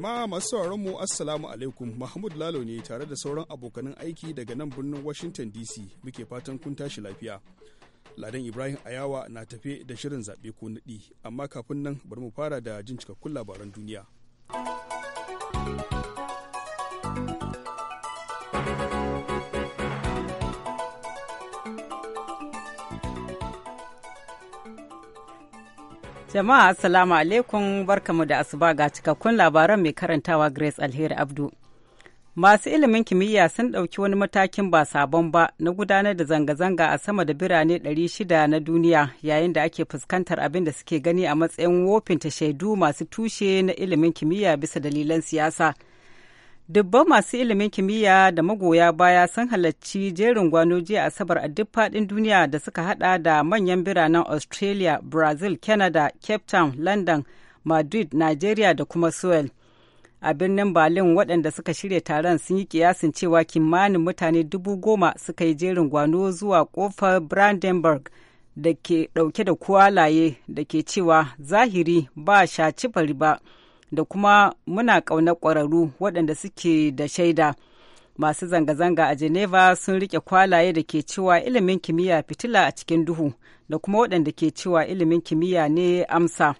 Jama'a masu sauraron mu Assalamu alaikum Mahmud Lalo ne tare da sauran abokanan aiki daga nan birnin Washington DC muke fatan kun tashi lafiya. Ladan Ibrahim Ayawa na tafe da shirin zaɓe ko naɗi amma kafin nan bari mu fara da jin cikakkun labaran duniya. Jama'a Assalamu alaikum barkamu da asuba ga cikakkun labaran mai karantawa Grace Alheri Abdu. Masu ilimin kimiyya sun ɗauki wani matakin ba sabon ba na gudanar da zanga-zanga a sama da birane 600 na duniya yayin da ake fuskantar abin da suke gani a matsayin wofinta shaidu masu tushe na ilimin kimiyya bisa dalilan siyasa. Dubban masu ilimin kimiyya da magoya baya sun halarci jerin gwano jiya Asabar a duk faɗin duniya da suka hada da manyan biranen Australia, Brazil, Canada, Cape Town, London, Madrid, Nigeria da kuma Seoul. A birnin Berlin waɗanda suka shirya taron sun yi kiyasin cewa kimanin mutane dubu goma suka yi jerin gwano zuwa kofar Brandenburg da ke ɗauke da kwalaye da ke cewa zahiri ba shaci bari ba. da kuma muna ƙaunar ƙwararru waɗanda suke da shaida. Masu zanga-zanga a Geneva sun rike kwalaye da ke cewa ilimin kimiyya fitila a cikin duhu da kuma waɗanda ke cewa ilimin kimiyya ne amsa.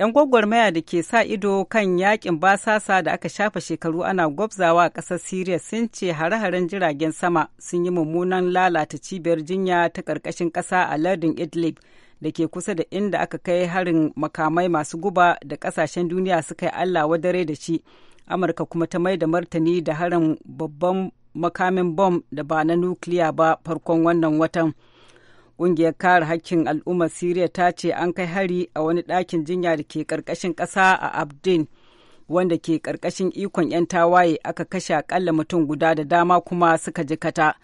'Yan gwagwarmaya da ke sa ido kan yakin basasa da aka shafa shekaru ana gwabzawa a ƙasar Siriya sun ce hare-haren jiragen sama sun yi mummunan lalata cibiyar jinya ta ƙarƙashin ƙasa a lardin Idlib da ke kusa da inda aka kai harin makamai masu guba da kasashen duniya suka yi allah wadare da shi amurka kuma ta mai da martani da harin babban makamin bom da ba na nukiliya ba farkon wannan watan ƙungiyar kare hakkin al'ummar siriya ta ce an kai hari a wani ɗakin jinya da ke ƙarƙashin ƙasa a abdin wanda ke ƙarƙashin ikon 'yan tawaye aka kashe aƙalla mutum guda da dama kuma suka jikata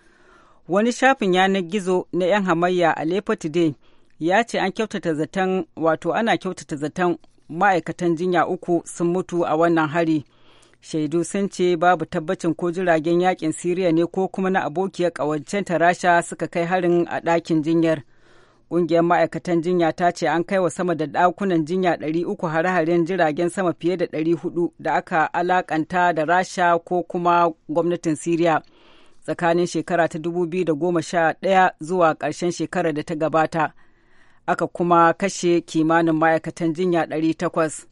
wani shafin yanar gizo na 'yan hamayya a today ya ce an kyautata zaton wato ana kyautata zaton ma'aikatan jinya uku sun mutu a wannan hari shaidu sun ce babu tabbacin ko jiragen yakin siriya ne ko kuma na abokiyar ƙawancen rasha suka kai harin a ɗakin jinyar ƙungiyar ma'aikatan jinya ta ce an kai wa sama da ɗakunan jinya ɗari 300 hare-haren jiragen sama fiye da ɗari hudu da aka alakanta da rasha ko kuma gwamnatin siriya tsakanin shekara ta dubu biyu da goma sha ɗaya zuwa ƙarshen shekarar da ta gabata aka kuma kashe kimanin ma'aikatan jinya 800.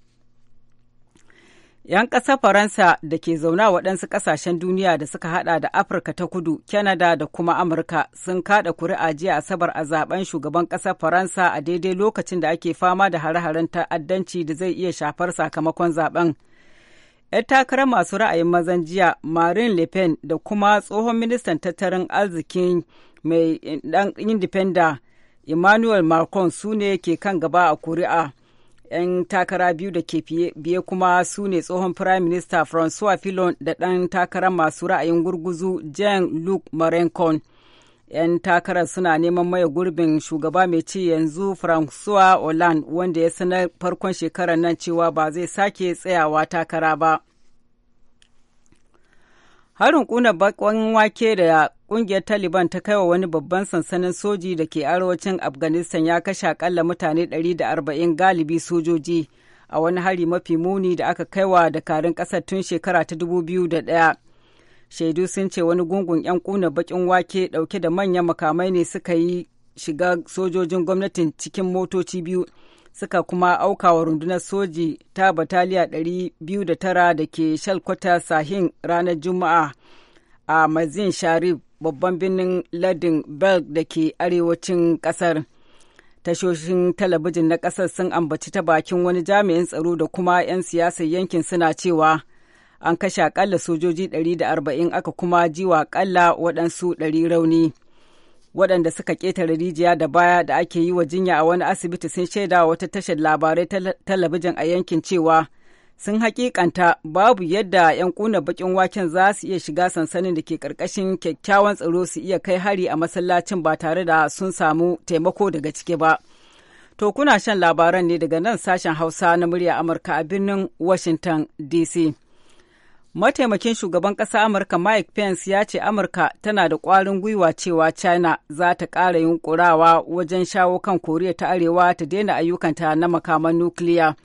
'Yan ƙasar Faransa da ke zauna waɗansu ƙasashen duniya da suka haɗa da Afirka ta kudu, Canada da kuma Amurka sun kaɗa kuri'a jiya Asabar a zaben shugaban ƙasar Faransa a daidai lokacin da ake fama da hare-haren ta'addanci da zai iya shafar sakamakon zaben. 'Yar takarar masu ra'ayin mazan jiya Marine Le Pen da kuma tsohon ministan tattalin arzikin mai ɗan indifenda. Emmanuel Macron su ne ke kan gaba a kuri'a. 'Yan takara biyu da ke biye kuma su ne tsohon Firayim Minista François Fillon da ɗan takara masu ra'ayin gurguzu Jean-Luc Marencon. 'Yan takarar suna neman maye gurbin shugaba mai ci yanzu François Hollande wanda ya sanar farkon shekarar nan cewa ba zai sake tsayawa takara ba. harin kuna bakon wake da kungiyar taliban ta kaiwa wani babban sansanin soji da ke arewacin afghanistan ya kashe akalla mutane 140 galibi sojoji a wani hari mafi muni da aka kaiwa karin kasar tun shekara ta 2001 shaidu sun ce wani gungun 'yan kuna bakin wake dauke da manyan makamai ne suka yi shiga sojojin gwamnatin cikin motoci biyu suka kuma aukawa rundunar soji ta bataliya 209 da ke shalkwata sahin ranar juma'a a mazin sharif babban birnin ladin belg da ke arewacin kasar tashoshin talabijin na kasar sun ambaci ta bakin wani jami'in tsaro da kuma 'yan siyasar yankin suna cewa an kashe akalla sojoji 140 aka kuma ji wa akalla waɗansu 100 rauni waɗanda suka ƙetare rijiya da baya da ake yi wa jinya a wani asibiti sun shaida wata tashar labarai talabijin a yankin cewa sun hakikanta babu yadda 'yan kuna bakin waken za su iya shiga sansanin da ke ƙarƙashin kyakkyawan tsaro su iya kai hari a masallacin ba tare da sun samu taimako daga ciki ba. To kuna shan labaran ne daga nan sashen Hausa na murya Amurka a birnin Washington DC. Mataimakin shugaban ƙasa Amurka Mike Pence ya ce Amurka tana da ƙwarin gwiwa cewa China za ta ƙara yunƙurawa wajen shawo kan Koriya ta Arewa ta daina ayyukanta na makaman nukiliya.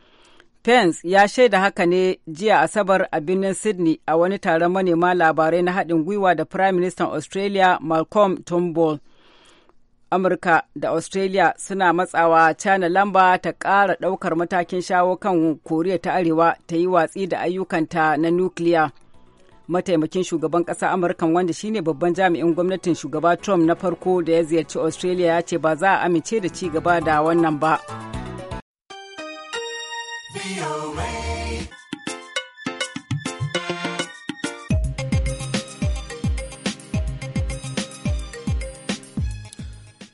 Pence ya shaida haka ne jiya Asabar a birnin Sydney a wani taron manema labarai na haɗin gwiwa da Prime Minister Australia Malcolm Turnbull. Amurka da Australia suna matsawa China lamba ta ƙara ɗaukar matakin shawo kan Koriya ta Arewa ta yi watsi da ayyukanta na nukiliya. Mataimakin shugaban ƙasa Amurka wanda shine babban jami'in gwamnatin shugaba Trump na farko da ya ziyarci Australia ya ce ba za a amince da ci gaba da wannan ba.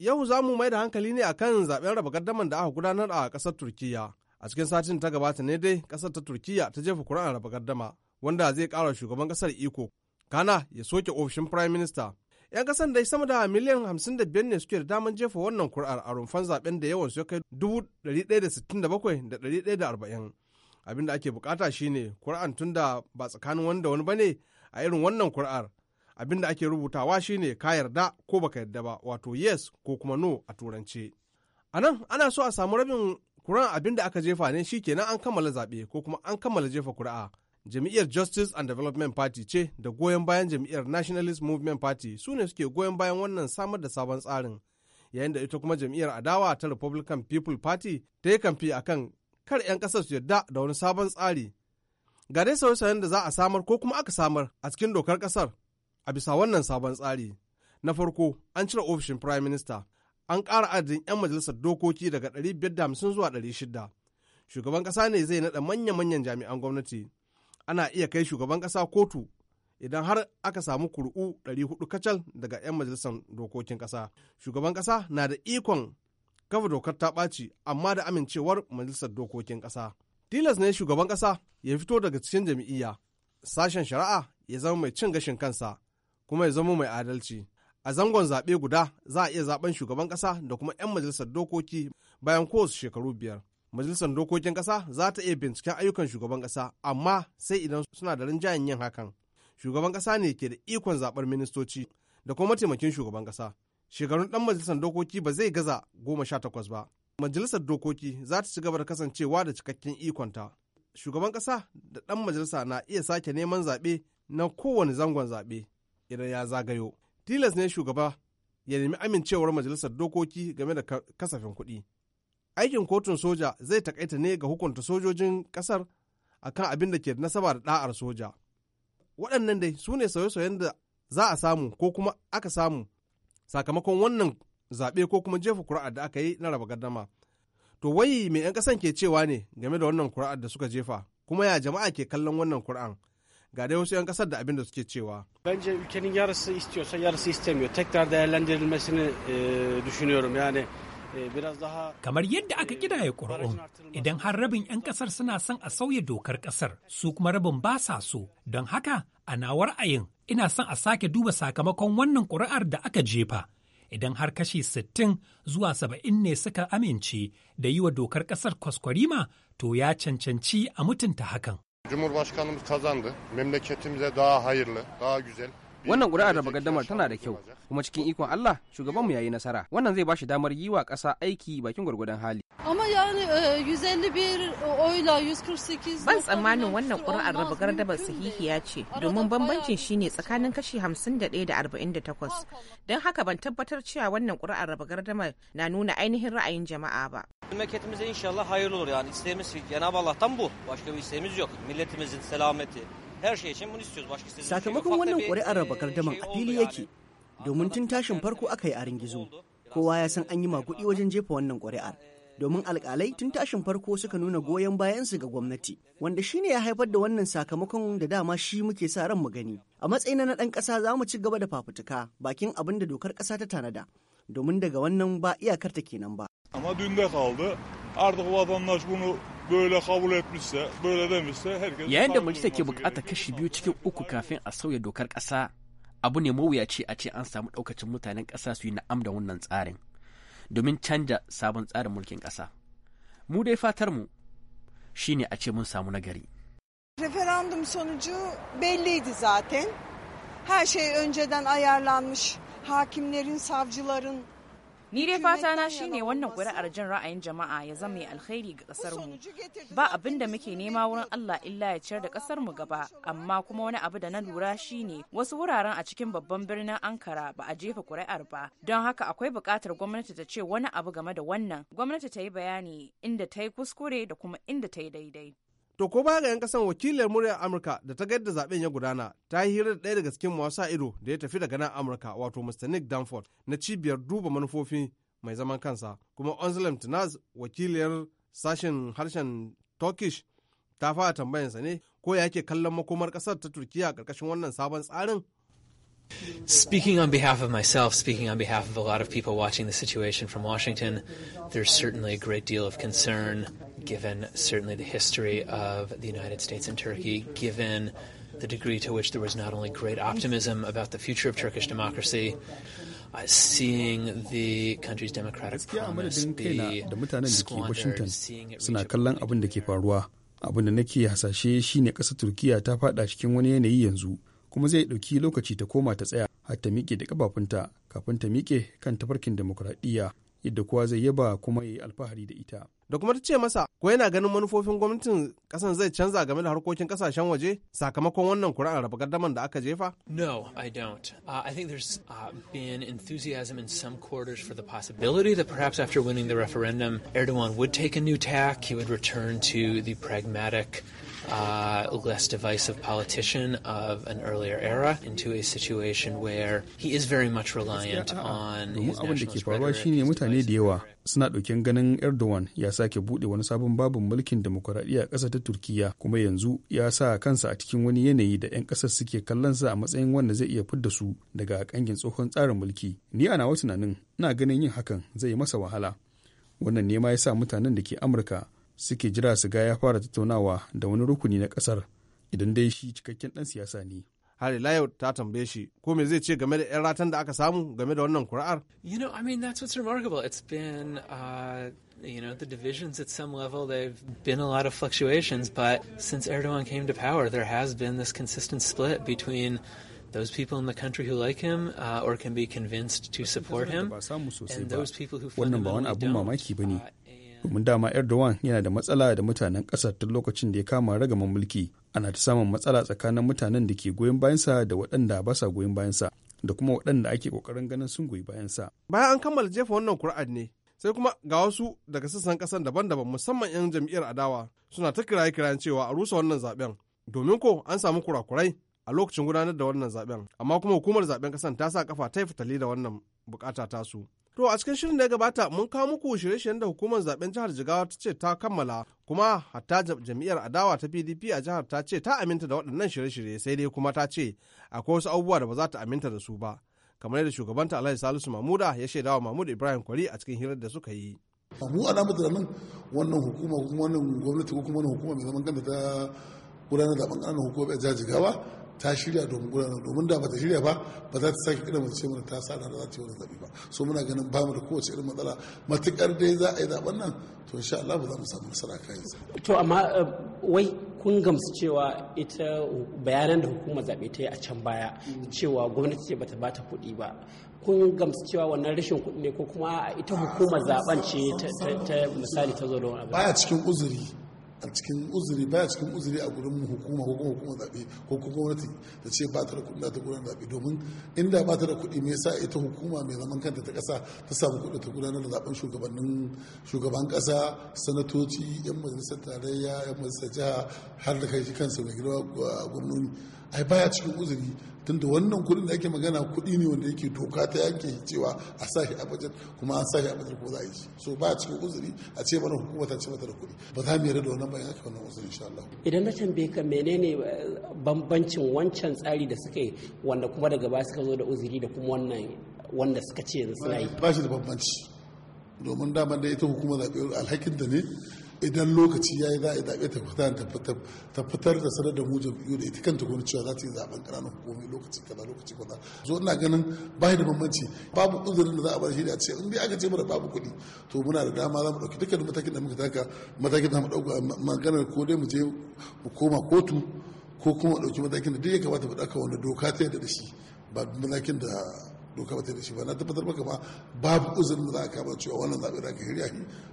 Yau za mu mai da hankali ne akan zaben raba gardamar da aka gudanar a ƙasar Turkiyya. A cikin satin ta gabata ne dai ƙasar ta Turkiyya ta jefa kuran raba gardama wanda zai ƙara shugaban ƙasar iko. Kana ya soke ofishin Prime Minister. 'Yan ƙasar dai sama da miliyan biyar ne suke da daman jefa wannan kuri'ar a rumfan zaben da yawan su ya kai arba'in Abin da ake bukata shine kuri'an tun da ba tsakanin wanda wani bane a irin wannan kuri'ar abinda ake rubutawa shine ka yarda ko baka yarda ba wato yes ko kuma no a turance a nan ana so a samu rabin kuran abinda aka jefa ne shi shikenan an kammala zaɓe ko kuma an kammala jefa kuri'a jam'iyyar justice and development party ce da goyon bayan jam'iyyar nationalist movement party su ne suke goyon bayan wannan samar da sabon tsarin yayin da ita kuma jam'iyyar adawa ta republican people party ta yi kamfi akan kar 'yan kasar su yarda da wani sabon tsari ga dai sauye-sauyen da za a samar ko kuma aka samar a cikin dokar ƙasar a bisa wannan sabon tsari na farko an cire ofishin prime minister an ƙara adadin 'yan majalisar dokoki daga 550 zuwa 600 shugaban ƙasa ne zai naɗa manya-manyan jami'an gwamnati ana iya kai shugaban ƙasa kotu idan har aka samu kuri'u 400 kacal daga 'yan majalisar dokokin ƙasa shugaban ƙasa na da ikon kafa dokar ta ɓaci amma da amincewar majalisar dokokin ƙasa tilas ne shugaban ƙasa ya fito daga cikin jam'iyya sashen shari'a ya zama mai cin gashin kansa kuma ya zama mai adalci. A zangon zaɓe guda za a iya zaɓen shugaban ƙasa da kuma 'yan majalisar dokoki bayan kowace shekaru biyar. Majalisar dokokin ƙasa za ta iya binciken ayyukan shugaban ƙasa amma sai idan suna da rinjayen yin hakan. Shugaban ƙasa ne ke da ikon zaɓar ministoci da kuma mataimakin shugaban ƙasa. Shekarun ɗan majalisar dokoki ba zai gaza goma sha takwas ba. Majalisar dokoki za ta ci gaba da kasancewa da cikakken ikonta. Shugaban ƙasa da ɗan majalisa na iya sake neman zaɓe na kowane zangon zaɓe idan ya zagayo tilas ne shugaba ya nemi amincewar majalisar dokoki game da kasafin kuɗi aikin kotun soja zai takaita ne ga hukunta sojojin ƙasar kan abin da ke nasaba da ɗa'ar soja waɗannan dai su ne sauye-sauyen da za a samu ko kuma aka samu sakamakon wannan zaɓe ko kuma jefa kuri'ar da aka yi na raba gardama to wai mai 'yan ƙasan ke cewa ne game da wannan kuri'ar da suka jefa kuma ya jama'a ke kallon wannan kuri'an Ga dai wasu 'yan kasar da abin da suke cewa. Bence ülkenin yarısı istiyorsa yarısı istemiyor. Tekrar değerlendirilmesini e, düşünüyorum yani. E, Kamar yadda aka e, kidaya ƙuri'un, idan har rabin 'yan ƙasar suna son a sauya dokar ƙasar, su kuma rabin ba sa so, don haka a nawar ayin ina son a sake duba sakamakon wannan ƙuri'ar da aka jefa. Idan har kashi 60 zuwa 70 ne suka amince da yi wa dokar ƙasar kwaskwarima, to ya cancanci a mutunta hakan. Cumhurbaşkanımız kazandı. Memleketimize daha hayırlı, daha güzel. Wannan ƙuri'ar da tana da kyau kuma cikin ikon Allah shugaban mu yayi nasara wannan zai bashi damar yi wa ƙasa aiki bakin gwargwadon hali. Amma yani 151 e, e, oyla 148 ban tsammanin wannan ƙuri'ar raba gardabar sahihiya ce domin bambancin shine tsakanin kashi 51 da 48 don haka ban tabbatar cewa wannan ƙuri'ar raba gardamar na nuna ainihin ra'ayin jama'a ba. Memleketimize inşallah hayırlı olur yani isteğimiz Cenab-ı Allah'tan bu. Başka bir isteğimiz yok. Milletimizin selameti, her şey için bunu istiyoruz. Başka istediğimiz şey yok. Sakamakon wannan ƙuri'ar e, raba gardamar a fili yake domin tun tashin farko aka yi a ringizo kowa ya san an yi maguɗi wajen jefa wannan ƙuri'ar domin alƙalai tun tashin farko suka nuna goyon bayansu ga gwamnati wanda shine ya haifar da wannan sakamakon da dama shi muke sa ran mu gani a matsayina na ɗan ƙasa za mu ci gaba da fafutuka bakin abin da dokar ƙasa ta tanada domin daga wannan ba iyakar ta kenan ba amma dun da kaldı artık vatandaş bunu böyle kabul etmişse böyle demişse herkes yayin da majalisa ke bukata kashi biyu cikin uku kafin a sauya dokar ƙasa abu ne mawuyaci a ce an samu ɗaukacin mutanen ƙasa su yi na'am da wannan tsarin domin canja sabon tsarin mulkin ƙasa. Mu dai fatar mu ne a ce mun samu nagari. Referandum sonucu belliydi zaten. Her şey önceden ayarlanmış. Hakimlerin, savcıların Ni dai fata na shine wannan ƙuri'ar jin ra'ayin jama'a ya zama mai alkhairi ga ƙasar mu. Ba abin da muke nema wurin Allah illa ya ciyar da ƙasar mu gaba, amma kuma wani abu da na lura shine wasu wuraren a cikin babban birnin Ankara ba a jefa ƙuri'ar ba. Don haka akwai buƙatar gwamnati ta ce wani abu game da wannan. Gwamnati ta yi bayani inda ta yi kuskure da kuma inda ta yi daidai. To ko baya ga 'yan kasan wakilar muryar Amurka da ta gaida zaben ya gudana ta yi hira da ɗaya daga cikin masu ido da ya tafi daga nan Amurka wato Mr. Nick Danford na cibiyar duba manufofi mai zaman kansa kuma Onslem Tinaz wakiliyar sashen harshen Turkish ta fara tambayansa ne ko ya ke kallon makomar ƙasar ta Turkiya ƙarƙashin wannan sabon tsarin Speaking on behalf of myself, speaking on behalf of a lot of people watching the situation from Washington, there's certainly a great deal of concern given certainly the history of the United States and Turkey, given the degree to which there was not only great optimism about the future of Turkish democracy, uh, seeing the country's democratic promise be squandered, seeing it kuma zai ɗauki lokaci ta koma ta tsaya har ta miƙe da ƙafafunta kafin ta miƙe kan tafarkin demokuraɗiyya yadda zai yaba kuma yi alfahari da ita. Da kuma ta ce masa ko yana ganin manufofin gwamnatin zai canza game da harkokin waje sakamakon wannan raba gardaman da aka jefa? No, I don't. Uh, I think there's uh, been enthusiasm in some quarters for the possibility that perhaps after winning the referendum, Erdogan would take a new tack. He would return to the pragmatic uh, less divisive politician of an earlier era into a situation where he is very much reliant on his ke faruwa ne mutane da yawa suna ɗauken ganin erdogan ya sake buɗe wani sabon babin mulkin demokuraɗiyya ƙasa ta turkiya kuma yanzu ya sa kansa a cikin wani yanayi da 'yan ƙasar suke kallon sa a matsayin wanda zai iya fidda su daga ƙangin tsohon tsarin mulki ni a nawa tunanin ina ganin yin hakan zai masa wahala wannan ne ma ya sa mutanen da ke amurka suke jira su ga ya fara tattaunawa da wani rukuni na kasar idan dai shi cikakken dan siyasa ne Hari Layo ta tambaye shi ko me zai ce game da yan ratan da aka samu game da wannan kura'ar you know i mean that's what's remarkable it's been uh... you know, the divisions at some level, they've been a lot of fluctuations, but since Erdogan came to power, there has been this consistent split between those people in the country who like him uh, or can be convinced to support him and those people who fundamentally don't. domin dama erdogan yana da matsala da mutanen ƙasar tun lokacin da ya kama ragaman mulki ana ta samun matsala tsakanin mutanen da ke goyon bayansa da waɗanda ba sa goyon bayansa da kuma waɗanda ake kokarin ganin sun goyi bayansa. bayan an kammala jefa wannan kur'an ne sai kuma ga wasu daga sassan ƙasar daban-daban musamman 'yan jam'iyyar adawa suna ta kiraye-kirayen cewa a rusa wannan zaben domin ko an samu kurakurai a lokacin gudanar da wannan zaben amma kuma hukumar zaben kasan ta sa kafa ta yi fitali da wannan bukata tasu To a cikin shirin da ya gabata mun kawo muku shirye-shiryen da hukumar zaben jihar Jigawa ta ce ta kammala kuma hatta jam'iyyar adawa ta PDP a jihar ta ce ta aminta da waɗannan shirye-shirye sai dai kuma ta ce akwai wasu abubuwa da ba za ta aminta da su ba. Kamar yadda shugabanta Alhaji Salisu Mamuda ya shaidawa Mahmud Ibrahim Kwari a cikin hirar da suka yi. Mu a namu nan wannan hukuma kuma wannan gwamnati ko kuma wannan hukuma mai zaman kanta ta gudanar da ɓangaren hukumar jihar Jigawa ta shirya domin gudanar domin da ba shirya ba ba za ta sake irin mace mana ta sa da za ta yi wani zabi ba so muna ganin ba mu da kowace irin matsala matukar dai za a yi zaben nan to insha Allah ba za mu samu nasara kayan sa to amma eh, wai kun gamsu cewa ita bayanan da hukumar zabe ta yi a can baya cewa gwamnati ce bata bata kuɗi ba kun gamsu cewa wannan rashin kuɗi ne ko kuma ita hukumar zaben ce ta misali ta zo da wani abu baya cikin uzuri a cikin uzuri baya cikin uzuri a gurin hukuma ko kuma zaɓe ko kuma gwamnati da ce ba ta da kuɗi ta gudanar zaɓe domin inda ba ta da kuɗi me yasa ita hukuma mai zaman kanta ta ƙasa ta samu kuɗi ta gudanar da zaɓen shugabannin shugaban ƙasa sanatoci yan majalisar tarayya yan majalisar jiha har da kai kansa mai a gwamnoni ai baya cikin uzuri tunda wannan kudin da ake magana kudi ne wanda yake doka ta yanke cewa a sa shi a bajet kuma an sa shi a bajet ko za a yi so baya cikin uzuri a ce mana hukuma ta ce mata da kudi ba za mu yarda da wannan bayan aka wannan uzuri insha Allah idan na tambaye ka menene eh, bambancin wancan tsari da suka yi wanda kuma daga baya suka zo da uzuri da kuma wannan wanda suka ce suna yi ba shi da bambanci domin dama da ita hukumar zaɓe alhakinta ne idan lokaci ya yi za a yi zaɓe ta fitar da sanar da mu jam'iyyu da ita kanta gwamnati cewa za ta yi zaɓen ƙananan hukumomi lokaci kaza lokaci kaza zo ina ganin ba da bambanci babu uzurin da za a bar shi da ce in dai aka ce mana babu kuɗi to muna da dama za mu ɗauki dukkan matakin da muka taka matakin da mu ɗauka maganar ko dai mu je mu koma kotu ko kuma ɗauki matakin da duk ya kamata mu ɗauka wanda doka ta yadda da shi ba matakin da doka ba ta yarda da shi ba na tabbatar maka ba babu uzurin da za a kama cewa wannan zaɓe da aka hirya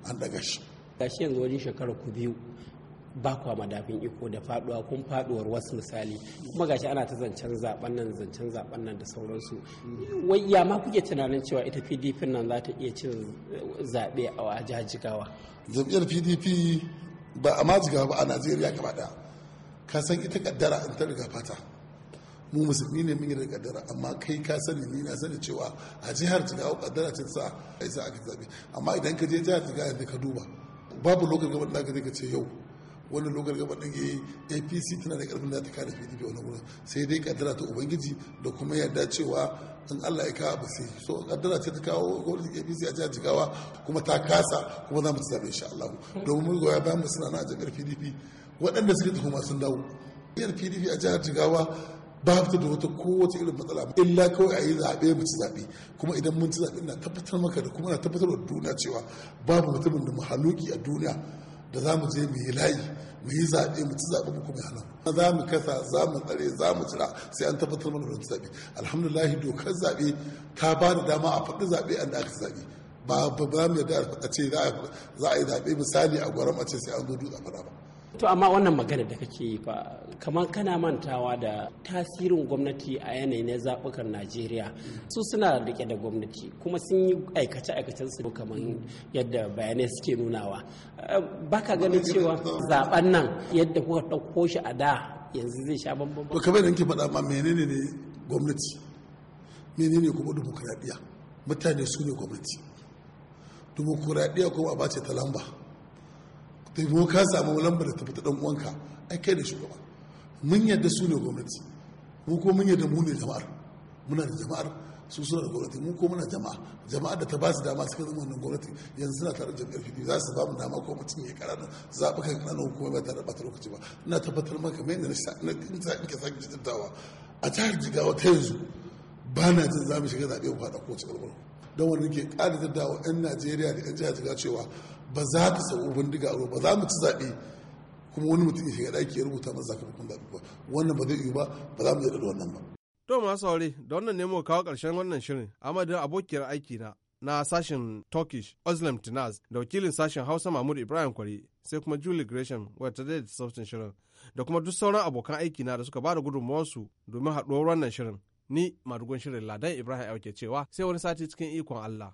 an daga shi. gashi yanzu wajen shekara ku biyu ba kwa madafin iko da faduwa kun faduwar wasu misali kuma gashi ana ta zancen zaben nan zancen zaben nan da sauransu wai ya ma kuke tunanin cewa ita pdp nan za ta iya cin zaɓe a jajigawa jam'iyyar pdp ba a majiga ba a najeriya gaba daya ka san ita kaddara in ta riga fata mu musulmi ne mun yi kaddara amma kai ka sani ni na sani cewa a jihar jigawa kaddara ta sa a isa aka zaɓe amma idan ka je jihar jigawa da ka duba babu lokacin gaban da zai ka ce yau wannan lokacin gaban ɗin yayi apc tana da ƙarfin da ta kare pdp wannan wurin sai dai kaddara ta ubangiji da kuma yarda cewa in allah ya kawo ba sai so kaddara ce ta kawo gwamnatin apc a jihar jigawa kuma ta kasa kuma za mu ci zaɓe insha allah domin mun goya bayan mu suna na a jihar pdp waɗanda suka tafi ma sun dawo jihar pdp a jihar jigawa ba ta da wata kowace irin matsala illa kawai a yi zaɓe mu ci zaɓe kuma idan mun ci zaɓe na tabbatar maka da kuma na tabbatar da duniya cewa babu mutumin da mahaluki a duniya da za mu je mu yi layi mu yi zaɓe mu ci zaɓe mu kuma yana za mu kasa za mu tsare za mu cira sai an tabbatar mana da zaɓe alhamdulillah dokar zaɓe ta ba da dama a faɗi zaɓe an da aka zaɓe ba ba mu yarda a ce za a yi zaɓe misali a gwaram a ce sai an zo dutse a faɗa ba to amma wannan magana da kake yi fa kamar kana mantawa da tasirin gwamnati a yanayi na zaɓukan najeriya su suna rike da gwamnati kuma sun yi aikace aikacen su kamar yadda bayanai suke nunawa eh, baka ganin cewa zaben nan yadda kuka ɗauko shi a da yanzu zai sha bambam to kamar da faɗa ma menene ne gwamnati menene kuma dimokuraɗiyya mutane su ne gwamnati dimokuraɗiyya kuma a bace ta lamba taimako ka samu lamba da tafi ta dan uwanka ai kai da shugaba mun yadda su ne gwamnati mu ko mun yadda mu ne jama'ar muna da jama'ar su suna da gwamnati mu ko muna jama'a jama'a da ta ba su dama suka zama wannan gwamnati yanzu suna tare da jam'iyyar fiti za su ba mu dama ko mutum ya kara zaɓukan ƙananan hukumar ba tare da ɓata lokaci ba ina tabbatar maka mai da na kinta in ka sake jittawa a jihar jigawa ta yanzu ba na jin za mu shiga zaɓe ba da kowace ƙarƙar don wani ke ƙara jaddawa 'yan najeriya da 'yan jihar jigawa cewa ba za ta sau bindiga a ba za mu ci zaɓe kuma wani mutum ya shiga ɗaki ya rubuta masa sakamakon zaɓe ba wannan ba zai yiwu ba ba za mu yarda da wannan ba. to masu aure da wannan ne mu kawo ƙarshen wannan shirin amadin abokiyar aiki na na sashen turkish oslem Tinaz da wakilin sashen Hausa Mahmud Ibrahim Kwari sai kuma Julie Gresham da ta daidaita shirin da kuma duk sauran abokan aiki na da suka ba bada su domin haɗuwar wannan shirin. Ni madugun shirin Ladan Ibrahim ke cewa sai wani sati cikin ikon Allah.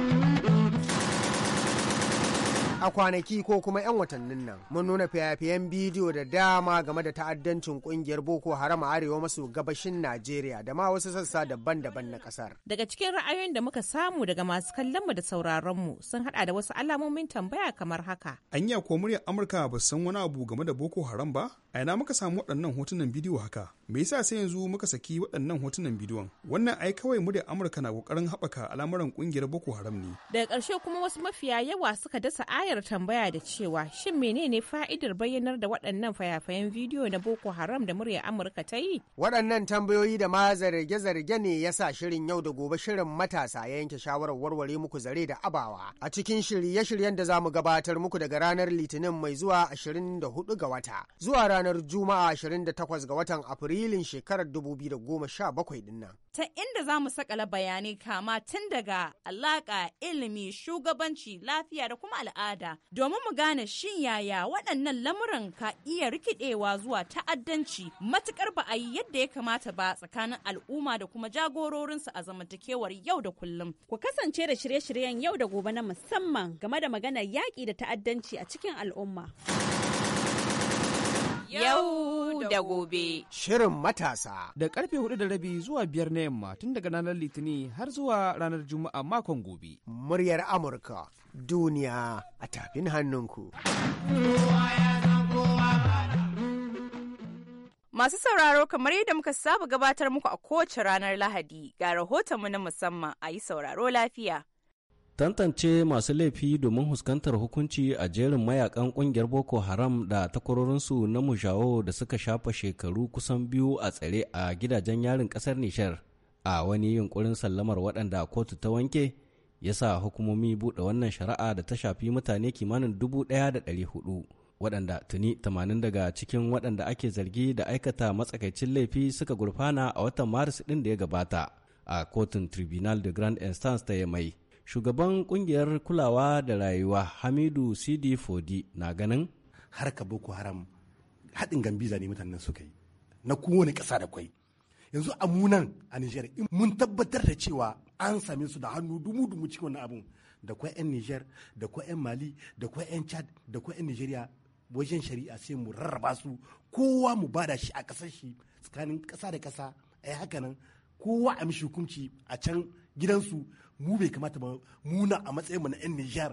a kwanaki ko kuma 'yan watannin nan mun nuna fiyafiyen bidiyo da dama game da ta'addancin kungiyar boko haram a arewa maso gabashin najeriya da ma wasu sassa daban-daban na kasar daga cikin ra'ayoyin da muka samu daga masu kallon mu da sauraron mu sun hada da wasu alamomin tambaya kamar haka anya ko muryar amurka ba san wani abu game da boko haram ba a ina muka samu waɗannan hotunan bidiyo haka me yasa sai yanzu muka saki waɗannan hotunan bidiyon wannan ai kawai muryar amurka na kokarin haɓaka al'amuran ƙungiyar boko haram ne daga ƙarshe kuma wasu mafiya yawa suka dasa ayar tambaya da cewa shin menene fa'idar bayyanar da waɗannan fayafayen bidiyo na boko haram da murya amurka ta yi waɗannan tambayoyi da ma zarge-zarge ne ya sa shirin yau da gobe shirin matasa ya yanke shawarar warware muku zare da abawa a cikin shirye-shiryen da za mu gabatar muku daga ranar litinin mai zuwa 24 ga wata zuwa ranar Juma'a 28 ga watan Afrilun shekarar 2017 din nan. Ta inda za mu sakala bayanai kama tun daga alaƙa, ilimi, shugabanci, lafiya da kuma al'ada domin mu gane shin yaya waɗannan lamuran ka iya rikidewa zuwa ta'addanci matuƙar ba a yi yadda ya kamata ba tsakanin al'umma da kuma jagororinsu a zamantakewar yau da kullum. Ku kasance da shirye-shiryen yau da gobe na musamman game da maganar yaƙi da ta'addanci a cikin al'umma. yau da gobe. Shirin matasa da karfe hudu da rabi zuwa biyar na yamma tun daga ranar litini har zuwa ranar juma'a makon gobe. Muryar Amurka duniya a tafin hannunku. Masu sauraro kamar yadda muka saba gabatar muku a kowace ranar Lahadi ga mu na musamman a yi sauraro lafiya. Tantance masu laifi domin huskantar hukunci a jerin mayakan kungiyar Boko Haram da takwarorinsu na mujawo da suka shafa shekaru kusan biyu a tsare a gidajen yarin kasar Nishar a wani yunkurin sallamar waɗanda kotu ta wanke ya sa hukumomi buɗe wannan shari'a da ta shafi mutane kimanin dubu ɗaya da ɗari hudu waɗanda tuni tamanin daga cikin waɗanda ake zargi da aikata matsakaicin laifi suka gurfana a watan maris ɗin da ya gabata a kotun tribunal de grand instance ta yamai shugaban kungiyar kulawa da rayuwa hamidu sidi fodi na ganin harka boko haram haɗin gambiza ne mutanen suka yi na kowane ƙasa da kwai yanzu a munan a niger mun tabbatar da cewa an same su da hannu dumu-dumu cikin wannan abun da kwa 'yan niger da kwa 'yan mali da kwa 'yan chad da kwa 'yan nigeria wajen shari'a sai mu rarraba su kowa mu bada shi a ƙasar shi tsakanin ƙasa da ƙasa a yi haka nan kowa a mishi hukunci a can gidansu mu bai kamata ba muna a matsayinmu na 'yan Nijar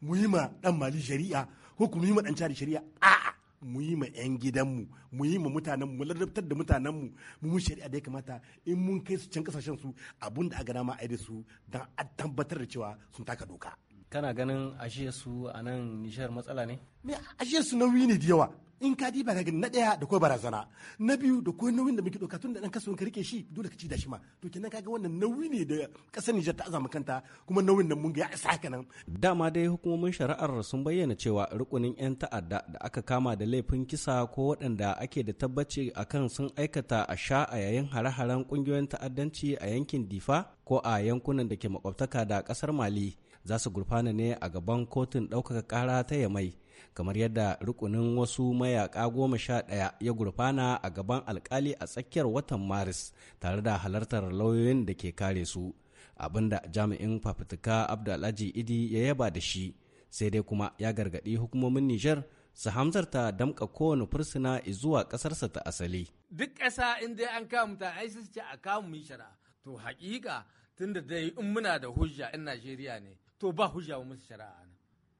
mu yi ma dan Mali shari'a ko ku yi ma dan cari shari'a a mu yi ma 'yan gidanmu mu yi ma mutanen mu ladabtar da mutanen mu mun shari'a da ya kamata in mun kai su can kasashen su abun da aka dama a da su dan a tabbatar da cewa sun taka doka kana ganin ashe su a nan Nijar matsala ne me ashe su nauyi ne da yawa in ka diba gani na daya da ko barazana na biyu da ko nauyin da muke dauka tun da dan kasuwan ka rike shi dole ka ci da shi ma to kenan kaga wannan nauyi ne da kasar Nijar ta azama kanta kuma nauyin nan mun ga ya isa haka nan dama dai hukumomin shari'ar sun bayyana cewa rukunin yan ta'adda da aka kama da laifin kisa ko waɗanda ake da tabbaci akan sun aikata a sha a yayin hare-haren kungiyoyin ta'addanci a yankin Difa ko a yankunan da ke makwabtaka da kasar Mali za su gurfana ne a gaban kotun ɗaukaka kara ta Yamai kamar yadda rukunin wasu mayaka goma sha ɗaya ya gurfana a gaban alkali a tsakiyar watan maris tare da halartar lauyoyin da ke kare su abinda jami'in fafutuka abdulaji idi ya yaba da shi sai dai kuma ya gargaɗi hukumomin nijar su hamzarta damka kowane fursuna zuwa ƙasarsa ta asali duk ƙasa in dai an kama mutane ai ce a kama mu shara to haƙiƙa tunda dai in muna da hujja in najeriya ne to ba hujja mu musu shari'a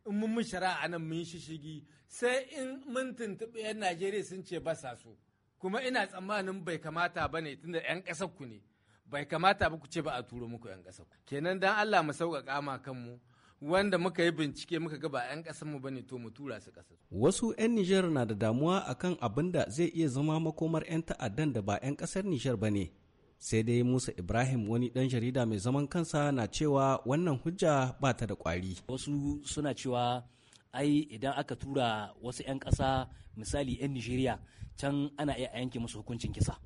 in mun mun shari'a nan mun yi shishigi sai in mun tuntuɓi 'yan Najeriya sun ce ba sa so kuma ina tsammanin bai kamata ba ne tunda 'yan ƙasar ku ne bai kamata ba ku ce ba a turo muku 'yan ƙasar ku kenan dan Allah mu sauƙaƙa ma kanmu wanda muka yi bincike muka ga ba 'yan ƙasar mu bane to mu tura su ƙasar. Wasu 'yan Nijar na da damuwa akan abin da zai iya zama makomar 'yan ta'addan da ba 'yan ƙasar Nijar ba ne. sai dai musa ibrahim wani dan jarida mai zaman kansa na cewa wannan hujja ba ta da kwari wasu suna cewa ai idan aka tura wasu 'yan kasa misali 'yan nigeria can ana iya a yanke musu hukuncin kisa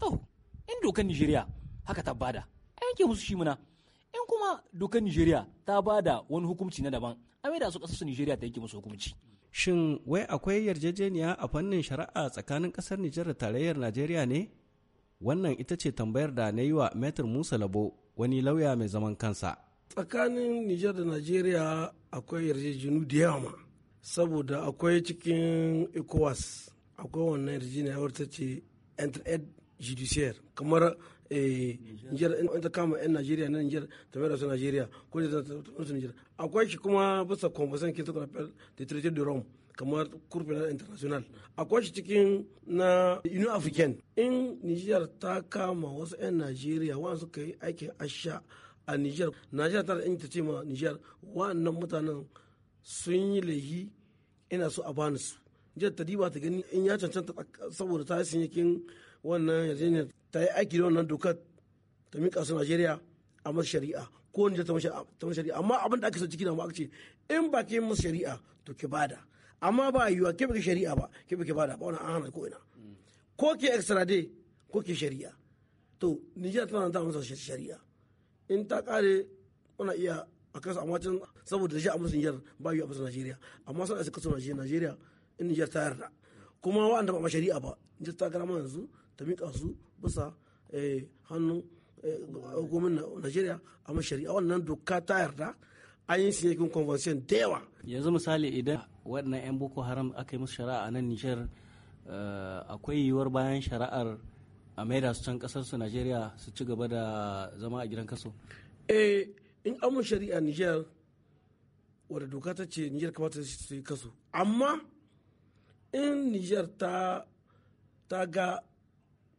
to in dokan nigeria haka ta bada a yanke musu shi muna in kuma dokan nigeria ta bada wani hukunci na daban a da su ƙasar nigeria ta yanke musu hukunci shin wai akwai yarjejeniya a fannin shari'a tsakanin kasar nijar da tarayyar najeriya ne Wannan ita ce tambayar da na yi wa metr Musa Labo wani lauya mai zaman kansa. Tsakanin Nijar da nigeria akwai yarjejeniyar da yawa saboda akwai cikin ECOWAS akwai wannan yarjejeniyar wadda ce Entered Judiciaire kamar eh, Nijar in ta kama 'yan nigeria na Nijar ta mai da su Najeriya ko da ta nigeria akwai shi kuma bisa kwamfasan ke suka da Treaty de Rome kamar kurfin international a shi cikin na union african in niger ta kama wasu 'yan najeriya wa'an suka yi aikin asha a niger niger ta da ta ce ma niger wa'annan mutanen sun yi laihi ina so a bani su jiyar ta diba ta gani in ya cancanta saboda ta yi sinyakin wannan yarjejeniya ta yi aiki da wannan dokar ta mika su najeriya a masu shari'a ko wanda ta masu shari'a amma abin da aka so ciki na mu ce in ba ke masu shari'a to ki bada amma ba yiwuwa ke baki shari'a ba ke baki bada ba wani an hana ko ina ko ke extradite ko ke shari'a to Nijar tana ta musu shari'a in ta kare muna iya a kasa amma can saboda shi a musu Nijar ba yiwuwa a musu Najeriya amma suna isa kaso Najeriya in Nijar ta yarda kuma wa'anda ba ma shari'a ba Nijar ta gara mana yanzu ta miƙa su bisa eh, hannun eh, hukumin Najeriya a shari'a wannan doka ta yarda an yi sinyakin convention da yawa yanzu misali idan waɗannan 'yan boko haram aka yi musu shari'a a nan nijar eh, akwai yiwuwar bayan shari'ar a maida su can kasar su nigeria su ci gaba da zama a gidan kaso eh in amun shari'a nijar wadda doka ta ce nijar kamata su yi kaso amma in nijar ta ta ga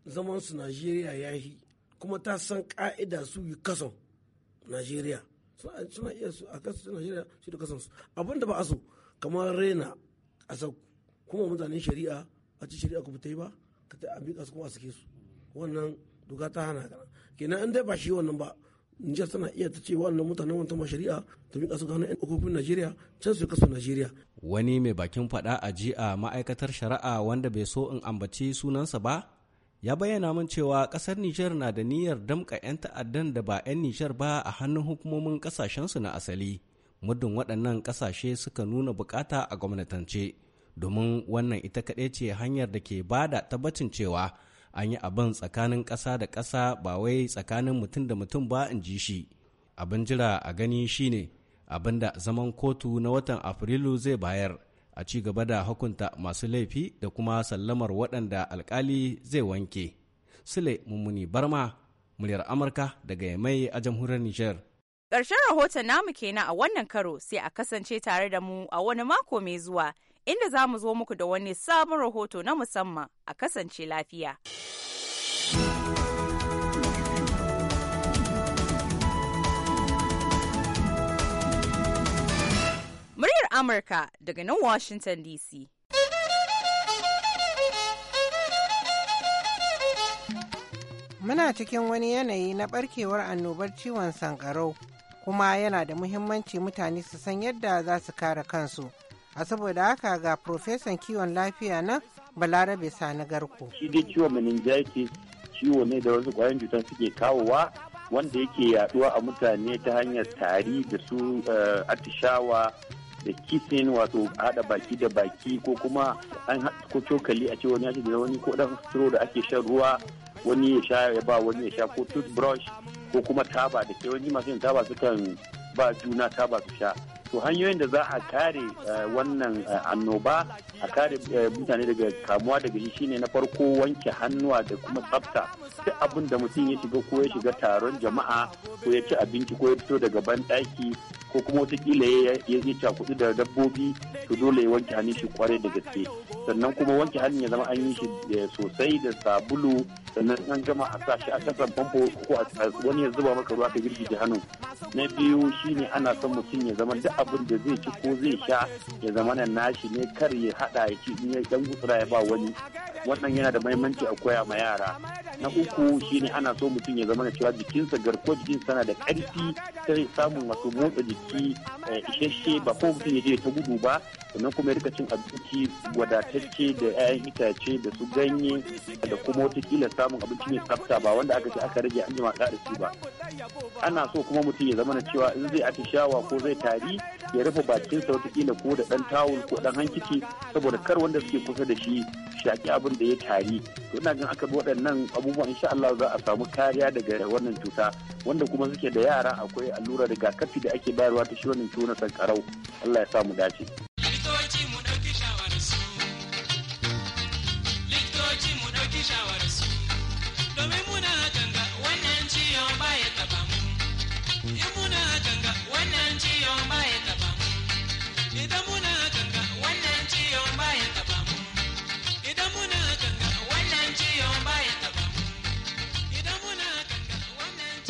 zaman su nigeria ya yi kuma ta san ka'ida su yi kaso najeriya suna iya su a kasu suna shirya su da kasansu abin da ba a so kamar rena a sau kuma mutanen shari'a a ci shari'a ku ta yi ba ka ta a miƙa su kuma a sake su wannan doka ta hana kana kenan an dai ba shi wannan ba Nijar tana iya ta ce wannan mutanen wata shari'a ta miƙa su ga hannun hukumin Najeriya can su kasu Najeriya. Wani mai bakin faɗa a ji a ma'aikatar shari'a wanda bai so in ambaci sunansa ba ya bayyana min cewa kasar Nijar na da niyyar damka 'yan ta'addan da ba 'yan Nijar ba a hannun hukumomin kasashensu na asali, muddin waɗannan ƙasashe suka nuna bukata a gwamnatance, domin wannan ita kaɗai ce hanyar da ke ba da tabbacin cewa an yi abin tsakanin ƙasa da ƙasa ba wai tsakanin mutum da mutum ba in ji shi. Abin jira a gani shine abin da zaman kotu na watan Afrilu zai bayar. a ci gaba da hukunta masu laifi da kuma sallamar waɗanda alkali zai wanke. Sule Mummuni Barma, muryar Amurka daga Yamai a jamhuriyar Nijar. Ƙarshen rahoton namu kenan a wannan karo sai a kasance tare da mu a wani mako mai zuwa inda za mu zo muku da wani sabon rahoto na musamman a kasance lafiya. Amurka daga nan Washington DC. Muna cikin wani yanayi na barkewar annobar ciwon sankarau kuma yana da muhimmanci mutane su san yadda za su kare kansu. A saboda haka ga Profesan kiwon lafiya na Balarabe Sani Garko. Shi dai ciwon meningitis ciwo ne da wasu kwayan cutar suke kawowa wanda yake yaduwa a mutane ta hanyar tari da su eh, atishawa da kissing wato hada baki da baki ko kuma an ko cokali a ce wani ya da wani ko dan stro da ake shan ruwa wani ya sha ya ba wani ya sha ko toothbrush ko kuma taba da ke wani masu yin taba sukan ba juna taba su sha to hanyoyin da za a kare eh, wannan eh, annoba a kare eh, mutane daga kamuwa daga shi shine na farko wanke hannuwa da kuma tsafta duk abin da mutum ya shiga ko ya shiga taron jama'a ko ya ci abinci ko ya fito daga banɗaki ko kuma wataƙila ya yi cakudu da dabbobi to dole ya wanke hannun shi kwarai da gaske sannan kuma wanke hannun ya zama an yi shi sosai da sabulu sannan an gama a sa shi a kasan famfo ko wani ya zuba maka ruwa ka girgije hannun na biyu shine ana son mutum ya zama duk abin da zai ci ko zai sha ya zama nan nashi ne kar ya haɗa ya ci in ya dan gutsura ya ba wani wannan yana da muhimmanci a koya ma yara na uku shine ana so mutum ya zama cewa jikinsa garko jikin sana da karfi sai samun wasu motsa jiki eh, isasshe ba ko mutum ya je ta gudu ba sannan kuma ya rika cin abinci wadatacce da 'ya'yan itace da su ganye da kuma watakila samun abinci mai tsafta ba wanda aka ce aka rage an jima da ba ana so kuma mutum ya zama cewa in zai atishawa ko zai tari ya rufe bakinsa watakila ko da ɗan tawul ko ɗan hankici saboda kar wanda suke kusa da shi shaki abin da ya tari to ina jin aka bi waɗannan abubuwa abubuwa insha Allah za a samu kariya daga wannan cuta wanda kuma suke da yara akwai allurar rigakafi da ake bayarwa ta shi wannan ciwo na sankarau Allah ya samu dace. Likitoci mu ɗauki shawararsu. Likitoci mu ɗauki shawararsu.